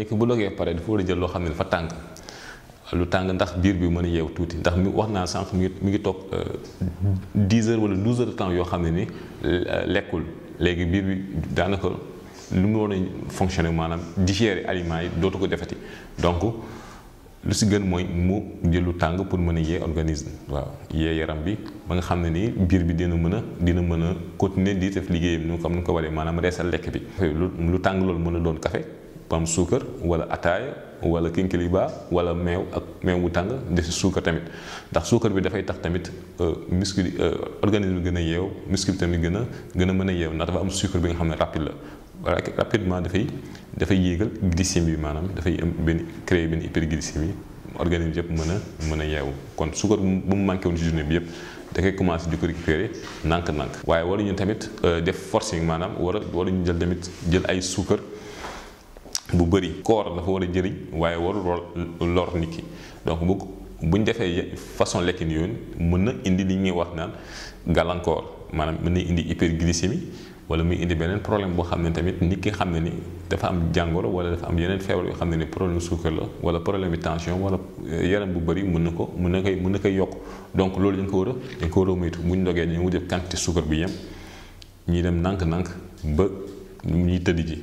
nit ki bu dogee pare dafa war a jël loo xam ne dafa tàng lu tàng ndax biir bi mën a yeew tuuti ndax mu wax naa sànq mi mi ngi toog 10 euh, heures wala 12 heures de temps yoo xam ne ni euh, lekkul léegi biir bi daanaka lu mu waroon a fonctionner maanaam digérer aliments yi dootu ko defeti donc lu si gën mooy mu jël lu tàng pour mën a yee organisme waaw yee yaram bi ba nga xam ne nii biir bi dina mën a dina mën a continuer di def liggéeyam ni comme ni ko waree maanaam reesal lekk bi. lu tàng loolu mën a doon café pam suukar wala ataaya wala kinkiliba wala meew ak meew bu tàng def suukar tamit ndax suukar bi dafay tax tamit euh, muscle euh, organisme gën a yeew muscle tamit gën a gën a mën a yeew ndax dafa am suukar bi nga xam ne rapide la rapidement dafay dafay yéegal glycémie bi maanaam dafay am benn créer benn hyperglycémie bi yëpp mën a mën a yeew kon suukar bu mu manqué woon ci journée bi yëpp da koy commencé di ko récupérer nànk-nànk waaye waruñu tamit euh, def forcing maanaam war a jël tamit jël ay suukar bu bëri koor dafa war a jëriñ waaye warul lor nit ki donc bu buñ defee façon lekkin yooyu mën na indi li ñuy wax naan gàllankoor maanaam mën na indi hyperglycémie wala muy indi beneen problème boo xam ne tamit nit ki xam ne ni dafa am jàngoro wala dafa am yeneen feebar yoo xam ne ni problème suukar la wala problème bi tension wala euh, yaram bu bëri mun na ko mun na koy mun na koy yokk donc loolu dañ ko war a dañ ko war a moytu buñ dogee dañu def quantité suukar bi yem ñuy dem nànk-nànk ba ñuy tëdd ji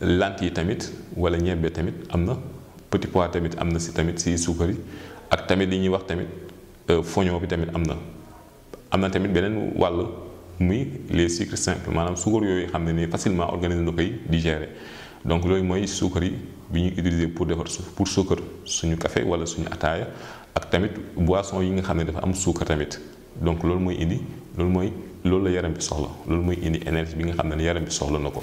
lant yi tamit wala ñebbe tamit am na petit pois tamit am na si tamit si suukar yi ak tamit li ñuy wax tamit euh, foño bi tamit am na am na tamit beneen wàll muy les sucres simples maanaam suukar yooyu xam ne ni facilement organisme da koy digérer donc mooy suukar yi bi ñuy utiliser pour defar pour suukar suñu café wala suñu ataaya ak tamit boisson yi nga xam ne dafa am suukar tamit donc loolu mooy indi loolu mooy loolu la yaram bi soxla loolu mooy indi énergie bi nga xam ne yaram bi soxla na ko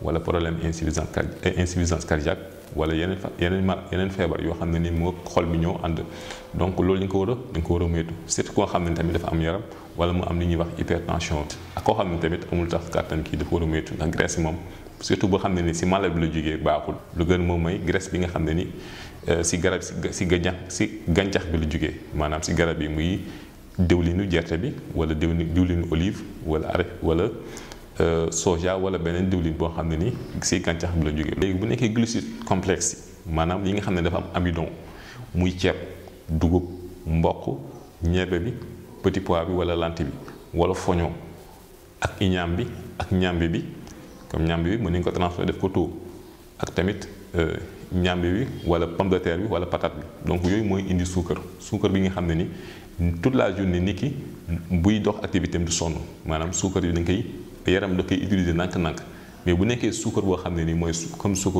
wala problème insuffisance insuffisance cardiaque wala yeneen yeneen ma yeneen feebar yoo xam ne ni moo xol bi ñoo ànd donc loolu ñu ko war a ñu ko war a moytu surtout koo xam ne tamit dafa am yaram wala mu am li ñuy wax hypertension ak koo xam ne tamit amul tax kàttan kii dafa war a moytu ndax graisse moom surtout boo xam ne ni si mala bi la jógee baaxul lu gën moom mooy graisse bi nga xam ne ni euh, si garab si gàncax si gàncax bi la jógee maanaam si garab yi muy diwlinu gerte bi wala diwlinu olive wala are wala Euh, soja wala beneen diwlin boo xam ne ni si gàncax bi la jógee. léegi bu nekkee glucide complexe maanaam yi nga xam ne dafa am amidon muy ceeb dugub mboq ñebe bi petit pois bi wala lante bi wala foño ak iñaam bi ak ñàmbi bi comme ñàmbi bi mën nañu ko transformé def ko tóo ak tamit euh, ñàmbi bi wala pomme de terre bi wala patate bi donc yooyu mooy indi suukar suukar bi nga xam ne ni toute la journée nit ki buy dox activité am du sonn maanaam suukar yi dañ koy. yaram da koy utiliser nank nank mais bu nekké sucre bo xamné ni moy comme sucre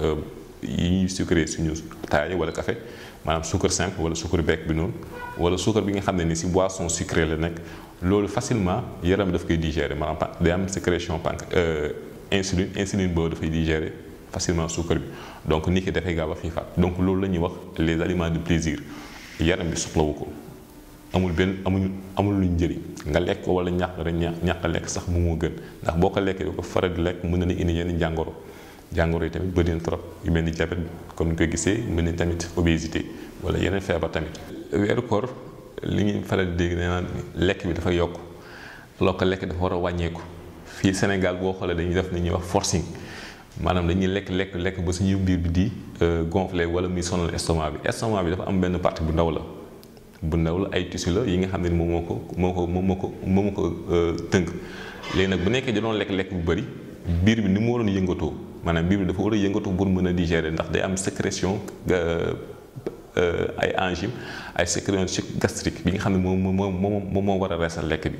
euh yi ñuy sucré suñu taaye wala café manam sucre simple wala sucre beek bi noonu wala sucre bi nga xamné ni ci boisson sucrée la nekk lolu facilement yaram da koy digérer manam day am sécrétion panc euh, insuline insuline da fay digérer facilement sucre bi donc niki da fay gaaw a xiifaat donc lolu la ñuy wax les aliments de plaisir yaram bi soxlawu ko. amul benn amuñu amul luñ njëriñ nga lekk ko wala ñàkk rek ñàkk lekk sax mu moo gën ndax boo ko lekkee ko faral di lekk mën na indi yenn jàngoro jàngoro yi tamit bëri na trop yu mel ni diabète comme ni ko gisee mën nañ tamit obésité wala yeneen feebar tamit. weeru koor li ñuy faral dégg nee lekk bi dafa yokk loo ko lekk dafa war a wàññeeku fii Sénégal boo xoolee dañuy def li ñuy wax forcing maanaam dañuy lekk lekk lekk ba suñu biir bi di euh, gonfler wala muy sonal estomac bi estomac bi dafa am benn partie bu ndaw la. bu ndaw la ay tissu yi nga xam ne moom moo ko moo ko moom moo ko moom moo ko euh, tënk léegi nag bu nekkee da doon lekk-lekk bu bari biir bi ni mu waroon yëngatoo maanaam biir bi dafa war a yëngatu pour mën a digérer ndax day am sécrétion euh, ay enzyme ay sécrétion gastrique bi nga xam ne moom moo moom moo war a reesal lekk bi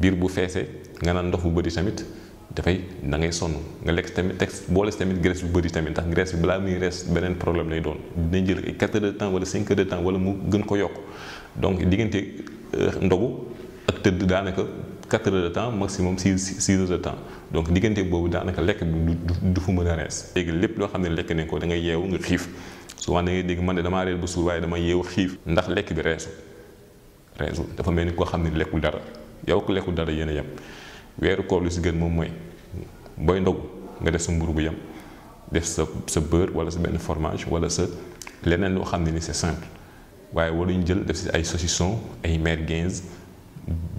biir bu feesee nga naan ndox bu bëri tamit dafay da ngay sonn nga lekk tamit teg boo les tamit graisse bu bëri tamit ndax graisse bi balaa muy rees beneen problème lay doon dinañ jël ay 4 heures de temps wala 5 heures de temps wala mu gën ko yokk donc diggante euh, ndogu ak tëdd daanaka 4 heures de temps maximum 6 6 heures de temps donc diggante boobu daanaka lekk bi du fu mën a rees. léegi lépp loo xam ne lekk nañ ko da ngay yeewu nga xiif souvent da ngay dégg man de damaa reer ba suur waaye dama yeewu xiif ndax lekk bi reesu dafa mel ni koo xam ne lekkul dara yow lekkul dara yéen a wéru koor lu si gën moom mooy booy ndog nga def sa mburu bu yem def sa sa beurre wala sa benn fromage wala sa leneen loo xam ne ni c'est simple waaye waruñu jël def si ay saucisson ay merguez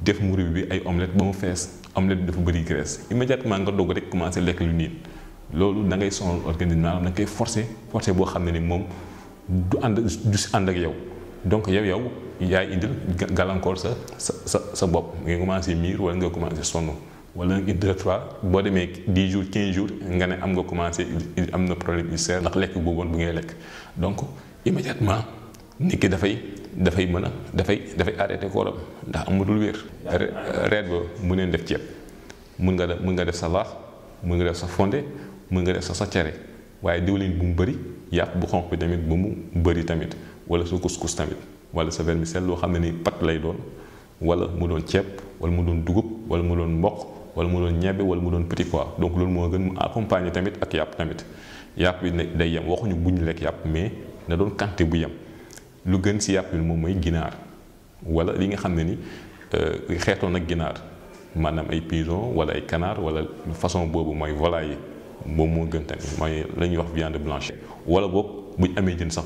def mburu bi ay omelette ba mu fees omelette dafa bëri graisse immédiatement nga dog rek commencé lekk lu nit loolu da ngay sonal organisme da nga koy forcer forcer boo xam ne ni moom du ànd du si ànd ak yow donc yow yow yaay indil gàllankoor sa sa sa bop ngay commencer mir wala nga commencer sonu wala une deux trois boo demee dix jours 15 jours nga né am nga commencer am na problème ulcère ndax lek bu bon bu ngay lek donc immédiatement niki da fay da fay dafay da fay da fay arrêter kooram ndax amul wér. reet ba mu neen def ceeb mun nga def nga def sa laax mun nga def sa fondé mun nga def sa sa cere waaye diwlin bu mu bëri yàpp bu xonq bi tamit bu mu bëri tamit wala su couscous tamit. wala sa vermicelle loo xam ne ni pat lay doon wala mu doon ceeb wala mu doon dugub wala mu doon mboq wala mu doon ñebe wala mu doon petit pois donc loolu moo gën mu accompagner tamit ak yàpp tamit yàpp bi day yem waxuñu bu ñu lekk yàpp mais na doon quantité bu yem lu gën si yàpp bi moom mooy ginaar wala li nga xam ne ni euh, xeetoon ak ginaar maanaam ay pigeon wala ay kanaar wala façon boobu mooy volaille moom moo gën tamit mooy la ñuy wax viande blanche wala boog buñ amee jën sax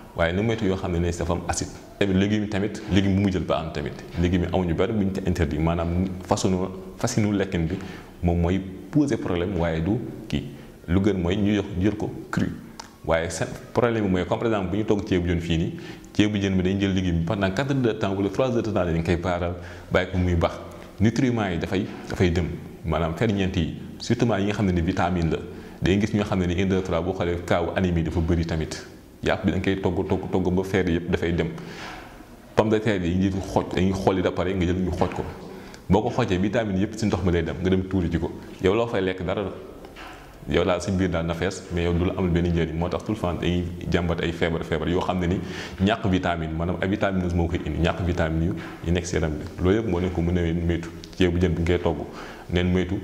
waaye nu moytu yoo xam ne ne dafa am acide tamit légumes yi tamit légume bu mu jël ba am tamit légumes yi amuñu bari bu ñu te interdit maanaam façonu fasinu lekkin bi moom mooy poser problème waaye du kii lu gën mooy ñu yox jër ko cru waaye seen problème bi mooy comme par exemple bu ñu togg ceebu jën fii nii ceebu jën bi dañ jël légume bi pendant quatre heures de temps wala trois de temps dañ koy baaral bàyyi ko muy baax nutriments yi dafay dafay dem maanaam ferñeent yi surtout yi nga xam ne ne vitamine la day gis ñoo xam ne ne dafa bëri tamit yàpp bi da togg togg togg ba fer yëpp dafay dem pomme de terre yi ngi xooj dañuy xooli da pare nga jël ñu xooj ko boo ko xoojee vitamine yëpp si ndox ma lay dem nga dem tuuri ji ko yow loo fay lekk dara yow laa si biir daal na fees mais yow du la amul benn njëriñ moo tax tul le temps dañuy jàmbat ay feebar feebar yoo xam ne ni ñàkk vitamine maanaam ay vitamines moo koy indi ñàkk vitamine yu yi nekk si yaram bi loolu yëpp moo leen ko mën a moytu ceebu jën bi ngay togg neen moytu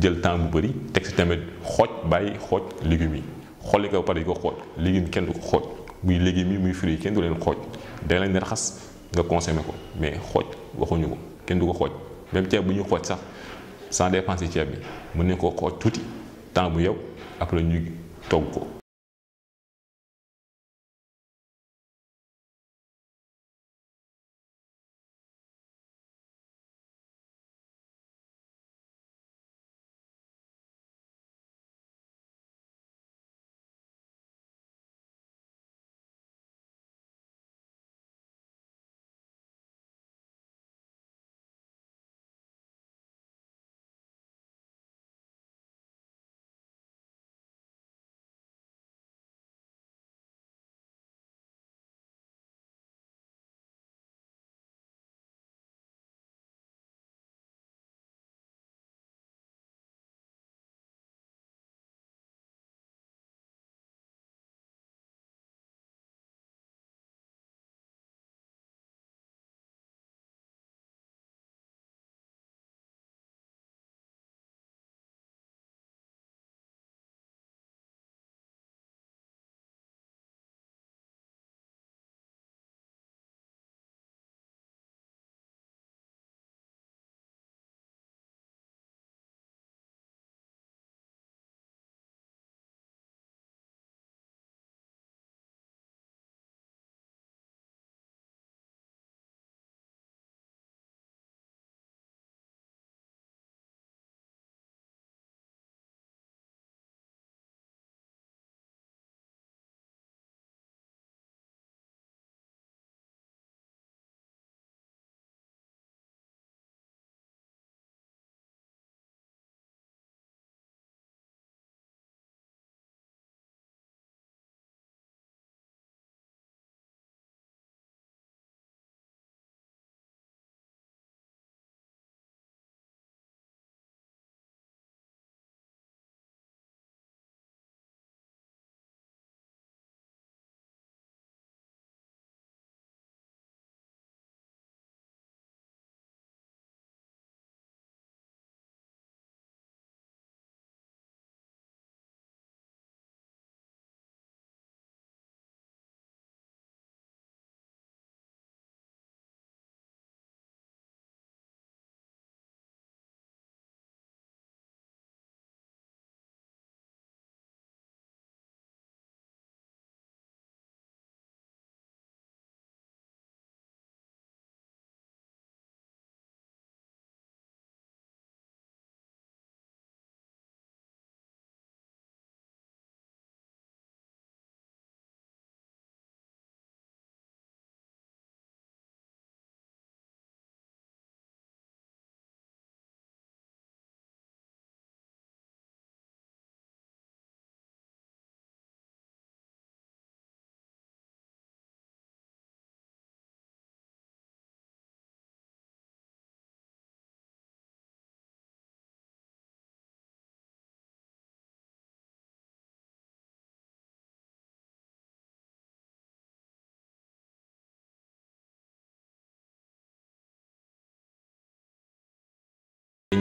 jël temps bu bëri teg si tamit xooj bàyyi xooj légumes yi xolli ko ba pare di ko xooj légumes kenn du ko xooj muy légumes yi muy fruits yi kenn du leen xooj da leen di raxas nga consommer ko mais xooj waxuñu ko kenn du ko xooj même ceeb bu ñu xooj sax sans dépenser ceeb bi mën nañ koo xooj tuuti temps bu yow après ñu togg ko.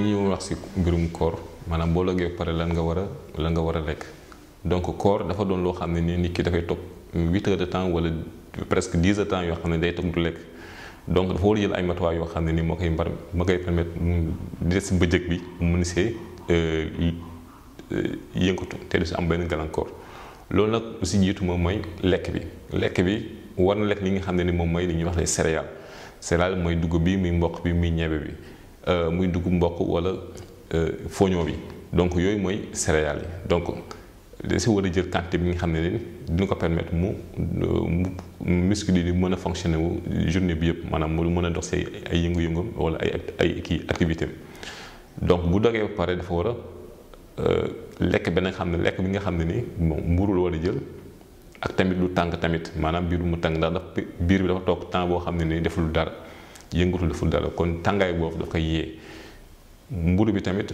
li ñuy wax si mbirum koor maanaam boo lëggee pare lan nga war a lan nga war a lekk donc koor dafa doon loo xam ne ni nit ki dafay toog huit heures de temps wala presque dix heures de temps yoo xam ne day toog du lekk donc dafa war a jël ay matuwaay yoo xam ne nii moo koy mbar moo koy permettre mu des si bëccëg bi mu mën see yëngatu te du si am benn gàllankoor loolu nag aussi jiitu moom mooy lekk bi lekk bi war na lekk li nga xam ne ni moom mooy li ñuy wax les céréales céréales mooy dugub bi muy mboq bi muy ñebe bi. Euh, muy dugub mboq wala euh, foño bi donc yooyu mooy céréales yi donc da si war a jël quantité bi nga xam ne ni dina ko permettre mu euh, muscle di mën a fonctionner wu journée bi yëpp maanaam mu mën a dox si ay yëngu yëngum wala ay ay kii activité donc bu dogee ba pare dafa war a lekk benn xam ne lekk bi nga xam ne ni bon mburu la war a jël ak tamit lu tàng tamit maanaam biir bu mu tàng ndax dafa biir bi dafa toog temps boo xam ne ni deful dara. yëngatu deful dara kon tàngaay boobu da ko yee mburu bi tamit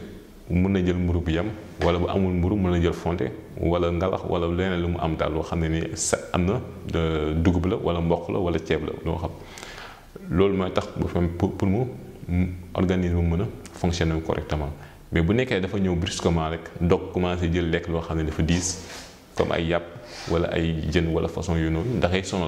mun na jël mburu bu yam wala bu amul mburu mën na jël fonte wala ngalax wala leneen lu mu am daal loo xam ne ni sa am na euh, dugub la wala mboq la wala ceeb la loo xam loolu mooy tax bu pour mu organisme mën a fonctionner correctement mais bu nekkee dafa ñëw brusquement rek dog commencé jël lekk loo xam ne dafa diis comme ay yàpp wala ay jën wala façon yu ndaxay da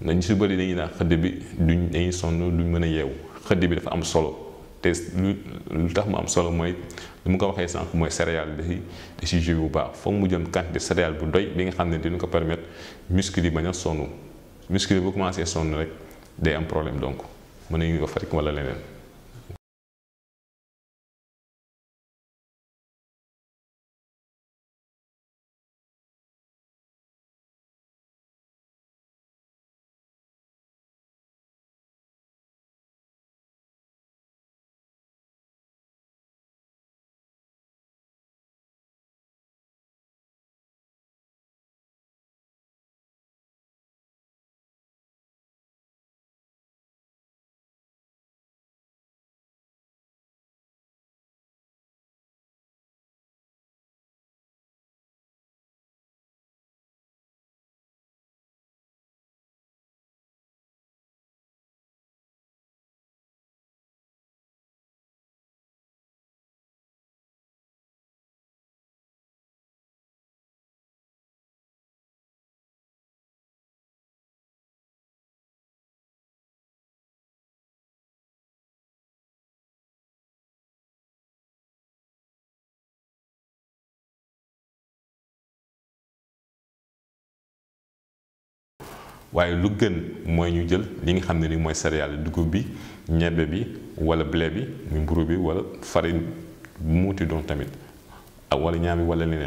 nañ si bëri dañuy naan xëdd bi duñ dañuy sonn duñ mën a yeewu xëdd bi dafa am solo te lu lu tax mu am solo mooy lu mu ko waxee sànq mooy céréale dasi da si bu baax foog mu jëm quantité céréale bu doy bi nga xam ne dina ko permettre muscle yi bañ a sonn muscle yi bu commencé sonn rek day am problème donc mën nañu ko farik wala leneen waaye lu gën mooy ñu jël li nga xam ne ni mooy céréales dugub bi ñebe bi wala blé bi muy mburu bi wala farine bu muuti doon tamit wala ñaam bi wala leneen